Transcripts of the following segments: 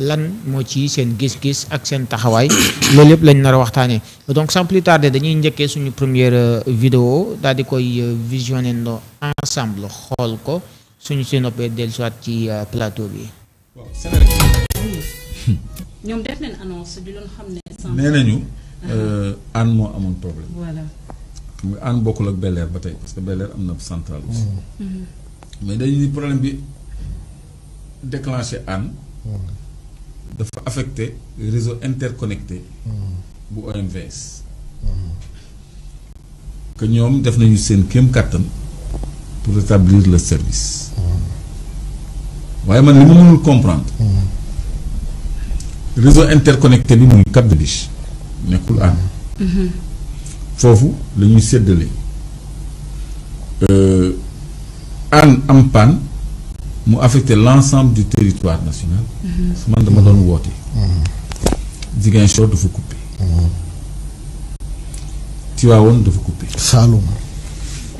lan moo ci seen gis-gis ak seen taxawaay loolu yëpp lañ nar waxtaanee donc sans plus dañuy njëkkee suñu première euh, vidéo daal di koy euh, visionné ndo ensemble xool ko suñu si noppee dellusiwaat ci euh, plateau bi. ñoom def nañ annonce aan moo amoon problème. voilà xam nga aan bokkul ak bel ba tey parce que bel am na centrale mm-hmm. mais dañuy problème bi déclenché aan. dafa affecté réseau interconnecté bu OMVS que ñoom def nañu seen kéem kàttan pour rétablir le service waaye man li ma mënul comprendre réseau interconnecté bi muy Cap de nekkul aan foofu la ñuy séddale euh, aan mu affecté l'ensemble du territoire national. su man dama doon woote. Ziguinchor dafa coupé. Tivaouane dafa coupé. Saloum.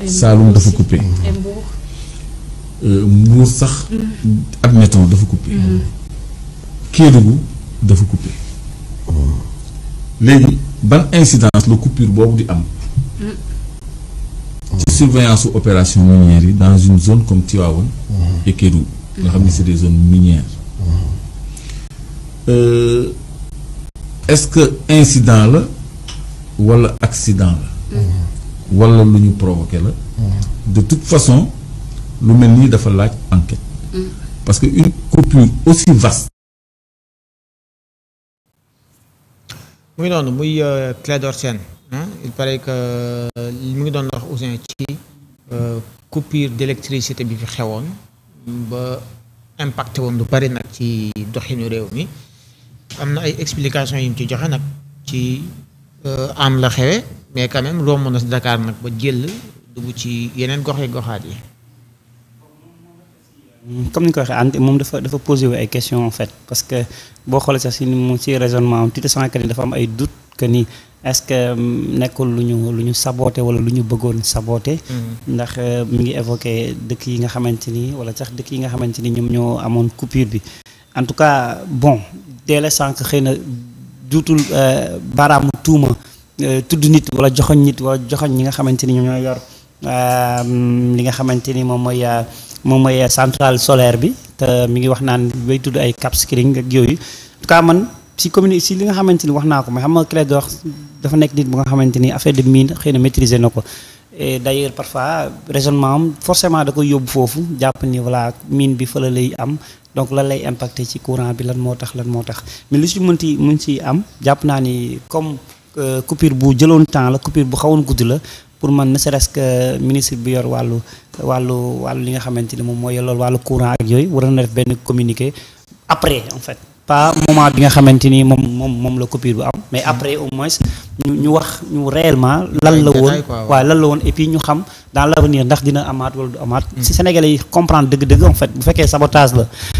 Saloum dafa coupé. Mbour euh, sax. admettons dafa coupé. Mm. Kédougou dafa coupé. Oh. léegi ban incidence la coupure boobu di am. Mm. surveillance ou opération minière yi dans une zone comme Tivaouane mhm. et nga xam ni c'est des zones minières mhm. euh, est-ce que incident la walla accident la mhm. walla lu ñu provoqué la de toute façon lu mel nii dafa laaj enquête mm. parce que une coupure aussi vaste euh, Euh, coupure d'électricité bi fi xewoon ba impacté woon lu bari nag ci doxinu réew mi am na ay explication yu mu ci joxe nag ci euh, am la xewe mais quand même romb na ndakaar nag ba jël dugg ci yeneen gox yi goxaat yi comme ni ko waxee Anta moom dafa dafa posé wu ay questions en parce que boo xoolee sax si mu si raisonnement am tu te sens que ni dafa am ay doute que ni est-ce mm, lu ñu lu ñu lu ñu bëggoon saboté mm-hmm. ndax euh, mu ngi évoqué dëkk yi nga xamante ni wala sax dëkk yi nga xamante ni ñoom ñoo amoon coupure bi en tout cas bon dès sànq xëy na duutul euh, baaraamu tuuma euh, tudd nit wala joxoñ nit wala joxoñ ñi nga xamante ni ñoom ñoo yor li nga xamante ni moom mooy moom mooy centrale solaire bi te mi ngi wax naan bay tudd ay cap screening ak yooyu en tout man si commune si li nga xamante ni wax naa ko mais xam nga Clédor dafa nekk nit bu nga xamante ni affaire de mine xëy na maîtriser na ko et d'ailleurs parfois raisonnement am forcément da koy yóbbu foofu jàpp nii voilà mine bi fa la lay am donc lan lay impacté ci courant bi lan moo tax lan moo tax mais lu si mënti mën si am jàpp naa ni comme euh, coupure bu jëloon temps la coupure bu xawoon gudd la pour man ne serait-ce que ministre bi wàllu wàllu li nga xamante ni moom mooy loolu wàllu courant ak yooyu war na def benn communiqué après en fait pas moment bi nga xamante ni moom moom moom la coupure bu am mais après au moins ñu ñu wax ñu réellement lan la woon waaw lan la woon et puis ñu xam dans l'avenir ndax dina amaat wala du amaat mm. si Sénégalais yi comprendre dëgg-dëgg en fait bu fekkee sabotage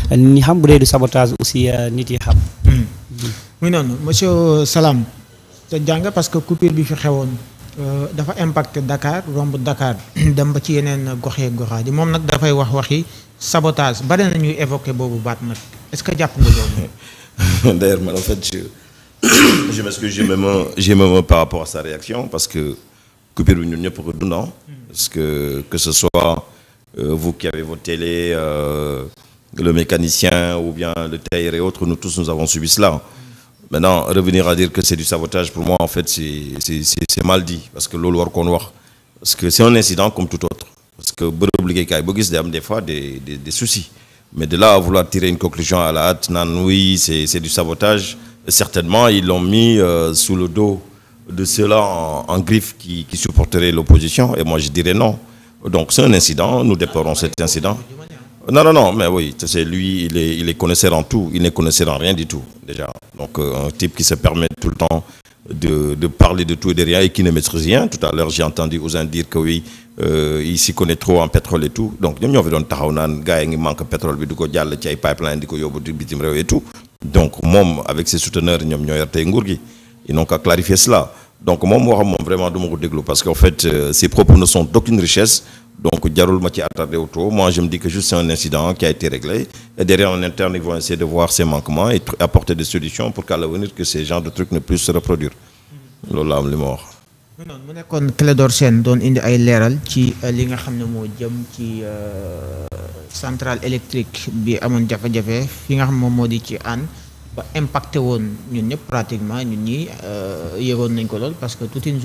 la ni xam bu dee du sabotage aussi euh, nit yi xam mm. muy noonu monsieur Euh, dafa impacté Dakar romb Dakar dem ba ci yeneen goxee goxaa di moom nag dafay wax waxi sabotage bare na ñuy évoqué boobu baat nag est-ce que jàpp nga loolu. d'ailleurs man en fait je j'ai même par rapport à sa réaction parce que coupure bi ñun ñëpp ko dundaan. parce que que ce soit euh, vous qui avez votre télé euh, le mécanicien ou bien le tailleur et autres nous tous nous avons subi cela. maintenant revenir à dire que c'est du sabotage pour moi en fait c'est mal dit parce que loolu war koon wax parce que c'est un incident comme tout autre parce que bërëb liggéeykaay boo gis day am des fois des soucis mais de là à vouloir tirer une conclusion à la hâte naan oui c'est c'est du sabotage certainement ils l'ont mis euh, sous le dos de ceux-là en, en griffe qui qui supporteraient l'opposition et moi je dirais non donc c'est un incident nous déplorons cet incident Non, non, non, mais oui, c'est lui, il est, il tout, il n'est connaisseur rien du tout, déjà. Donc, euh, un type qui se permet tout le temps de, de, parler de tout et de rien et qui ne maîtrise rien. Tout à l'heure, j'ai entendu Ouzin dire que oui, euh, il s'y connaît trop en pétrole et tout. Donc, ñoom ñoo fi doon taxaw naan gars yi ngi manque pétrole bi du ko jàll ci ay pipeline di ko yóbbu et tout. Donc, moom avec ses souteneurs ñoom ñoo yor tey nguur gi. Ils n'ont qu'à clarifier cela. Donc, moom waxam moom ma ko déglu parce qu'en fait, euh, ses propos ne sont Donc, Diarol Mati attardé autour. Moi, je me dis que juste c'est un incident qui a été réglé. Et derrière, en interne, ils vont essayer de voir ces manquements et apporter des solutions pour qu'à l'avenir, que ces genres de trucs ne puissent se reproduire. Lola am li ma wax. mu nekkoon Clédor Sène doon indi ay leeral ci euh, li nga xam ne moo jëm ci euh, centrale électrique bi amoon jafe-jafe fi nga xam moom moo di ci ànd ba impacté woon ñun ñëpp pratiquement ñun ñi euh, yëgoon nañ ko lool parce que toute une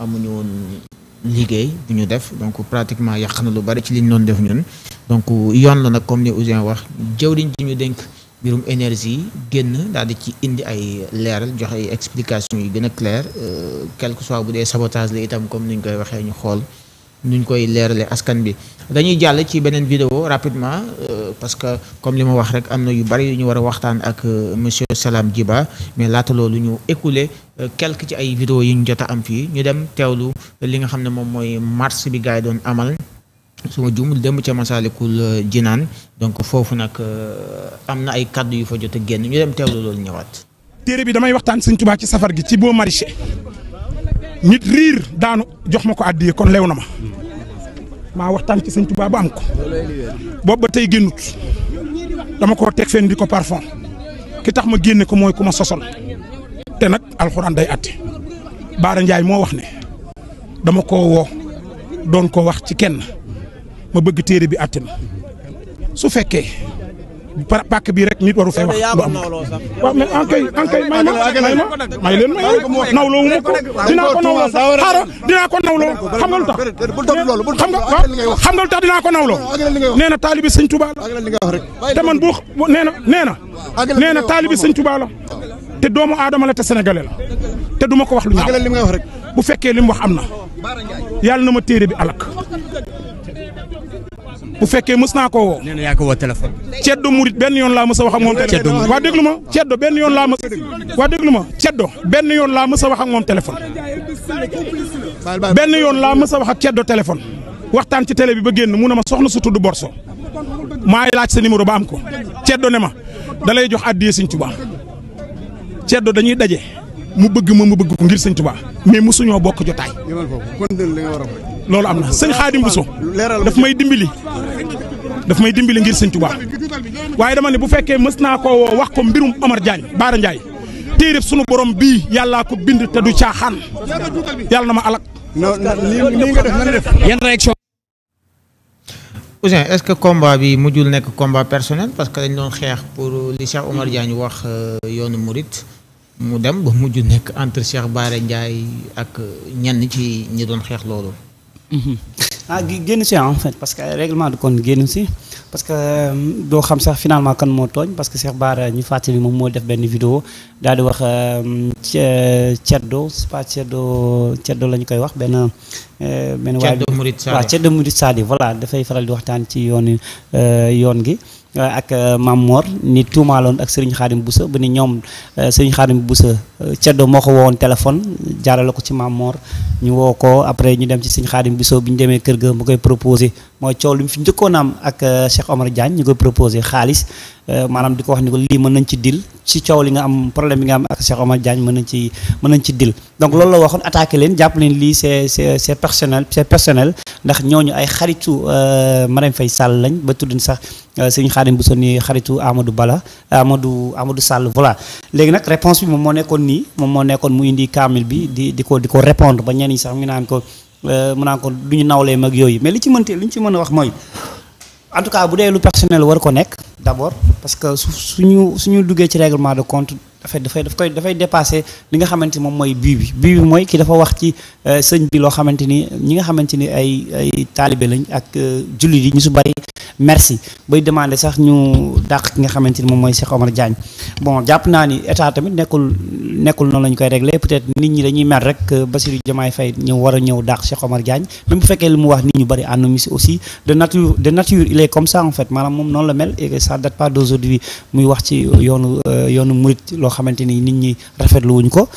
amuñu woon liggéey bu ñu def donc pratiquement yàq na lu bari ci li ñu doon def ñun donc yoon la nag comme ni Ouzin wax jëwriñ ji ñu dénk mbirum énergie génn daal di ci indi ay leeral joxe ay explication yi gën a clair euh, quel que soit bu dee sabotage la itam comme ni ñu koy waxee ñu xool nuñ koy leerale askan bi dañuy jàll ci beneen vidéo rapidement euh, parce que comme li ma wax rek am na yu bari yu ñu war a waxtaan ak euh, monsieur Salam Djiba mais laata loolu ñu écoulé euh, quelque ci ay vidéo yi ñu jot a am fii ñu dem teewlu li nga xam ne moom mooy mars bi gars yi doon amal su ma jumul dem ca Masalikul Jinaan donc foofu nag am na ay kàddu yu fa jot génn ñu dem loolu ñëwaat. téere bi damay waxtaan Sëñ Tuubaa ci safar gi ci boo maraîcher nit riir daanu jox ma ko àddiya kon lew na ma. maa waxtaan ci sëñ Tuubaa ba am ko boobu ba tey génnut dama ko teg fenn di ko parfum ki tax ma génne ko mooy ku ma sosol te nag alxuraan day atte Baara Ndiaye moo wax ne dama ko woo doon ko wax ci kenn ma bëgg téere bi atte ma su fekkee pàkk bii rek nit waru fee wax. waaw mais en kay en kay may ma may ma may leen ma nawloo wu ma ko dinaa ko nawloo sax xaaral dinaa ko nawloo xam nga lu tax. xam nga waaw xam nga lu tax dinaa ko nawloo nee na taalibi sëñ Tuubaa la te man bu nee na nee na nee taalibi sëñ Tuubaa la te doomu aadama la te sénégalais la te duma ko wax lu ñaaw bu fekkee li mu wax am na yàlla na ma téere bi alak bu fekkee mës naa koo woo. nee na yaa ceddo murit benn yoon laa mës a wax ak moom téléphone ma ceddo benn yoon laa mës waa déglu ma ceddo benn yoon laa mës a wax ak moom téléphone benn yoon laa mës a ak ceddo téléphone waxtaan ci télé bi ba génn mun a ma soxna su tudd Borso maay laaj sa numéro ba am ko ceddo ne ma da lay jox addiya Sëñ Tuubaa ceddo dañuy daje mu bëgg ma mu bëgg ko ngir Sëñ Tuubaa mais mosuñoo bokk jotaay loolu am na sëñ Xaadim Buso daf may dimbali daf may dimbali ngir sëñ Tuubaa waaye dama ne bu fekkee mës naa koo wax ko mbirum Omar Diagne Baara Ndiaye téereb sunu borom bii yàllaa ko bind te du caaxaan yàlla na ma alak. nii nga est-ce que combat bi mujjul nekk combat personnel parce que dañ doon xeex pour li Cheikh Omar wax euh, yoonu murit mu dem ba mujj nekk entre Cheikh Baara Ndiaye ak euh, ñenn ci ñi doon xeex loolu. Mhm. ah génn si en fait parce que règlement de compte génn si parce que euh, doo xam sax finalement kan moo tooñ parce que Cheikh Bara ñu fàttali moom moo def benn vidéo daal di wax Ceddo euh, euh, c'est pas Ceddo Ceddo la ñu koy wax benn. benn waay Ceddo Mouride Sadi waaw voilà dafay faral di waxtaan ci yoon yoon gi. ak Mame Mor ni tuumaaloon ak Serigne Khadim Boussa ba ni ñoom Serigne Khadim Boussa Euh, Ceddo moo ko woowoon téléphone jaarale ko ci Maam Mor ñu woo ko après ñu dem ci Sëñ Xaadim Bousso bi ñu demee kër ga mu koy proposé mooy coow lu mu fi njëkkoon am ak euh, Cheikh Omar Diagne ñu koy proposé xaalis euh, maanaam di ko wax ni ko lii mën nañ ci dil ci coow li nga am problème bi nga am ak Cheikh Omar Diagne mën nañ ci mën nañ ci dil donc loolu la waxoon attaqué leen jàpp leen lii c'est c'est c'est personnel c'est personnel ndax ñooñu ay xaritu Marème fay Sall lañ ba tudd sax Sëñ Xaadim Bousso ni xaritu Amadou Bala Amadou amadu Sall voilà léegi nag réponse nii moom moo nekkoon mu indi kaamil bi di di ko di ko répondre ba ñenn ñi sax mu naan ko euh, mu naan ko du ñu nawlee mag yooyu mais li ci mënte li ñu ci mën a wax mooy en bu dee lu personnel war ko nekk d'abord parce que su suñu suñu duggee ci règlement de compte dafay dafay daf li nga xamante moom mooy bii bi bii bi mooy ki dafa wax ci euh, sëñ bi loo xamante ni ñi nga xamante ni ay ay taalibe ak euh, jullit yi ñu su bari merci bay demandé sax ñu dàq ki nga xamante ni moom mooy Cheikh Omar Diagne bon jàpp naa ni état tamit nekkul nekkul noonu la koy réglé peut-être nit ñi dañuy mer rek euh, Bassirou Diomaye fay ñëw war a ñëw dàq Cheikh Omar Diagne même bu fekkee li mu wax nit ñu bari ànd mi si aussi de nature de nature il est comme ça en fait maanaam moom noonu la mel et ça date pas d'aujourd'hui muy wax ci yoonu euh, yoonu murit loo xamante ni nit ñi rafetlu wuñ ko